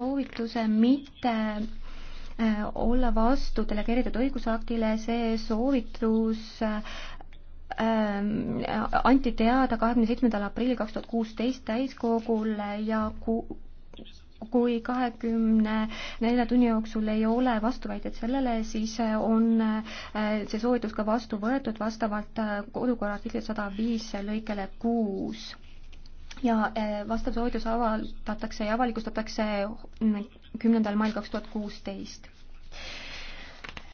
soovituse mitte äh, olla vastu delegeeritud õigusaktile, see soovitus ähm, anti teada kahekümne seitsmendal aprillil kaks tuhat kuusteist täiskogul ja ku-, kui kahekümne nelja tunni jooksul ei ole vastuväidet sellele, siis on äh, see soovitus ka vastu võetud vastavalt äh, kodukorra artikli sada viis lõikele kuus ja eh, vastav soovitus avaldatakse ja avalikustatakse kümnendal mail kaks tuhat kuusteist.